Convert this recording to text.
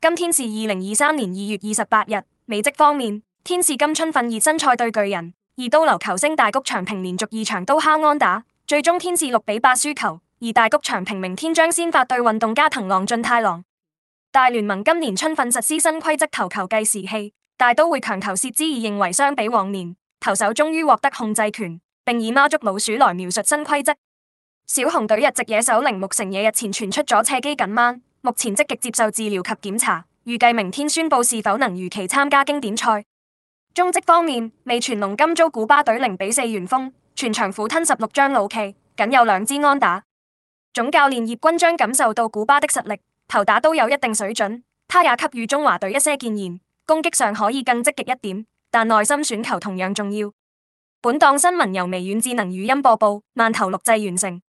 今天是二零二三年二月二十八日。美職方面，天使今春訓熱身賽對巨人，二刀流球星大谷翔平連續二場都敲安打，最終天使六比八輸球。而大谷翔平明天將先發對運動家藤浪晉太郎。大聯盟今年春訓實施新規則投球計時器，大都會強投薛之意認為相比往年，投手終於獲得控制權，並以貓捉老鼠來描述新規則。小熊隊日籍野手鈴木成野日前傳出咗車機緊繃。目前積極接受治療及檢查，預計明天宣布是否能如期參加經典賽。中職方面，味全龍今遭古巴隊零比四完封，全場苦吞十六張老 K，僅有兩支安打。總教練葉君璋感受到古巴的實力，投打都有一定水準，他也給予中華隊一些建言，攻擊上可以更積極一點，但耐心選球同樣重要。本檔新聞由微軟智能語音播報，慢頭錄製完成。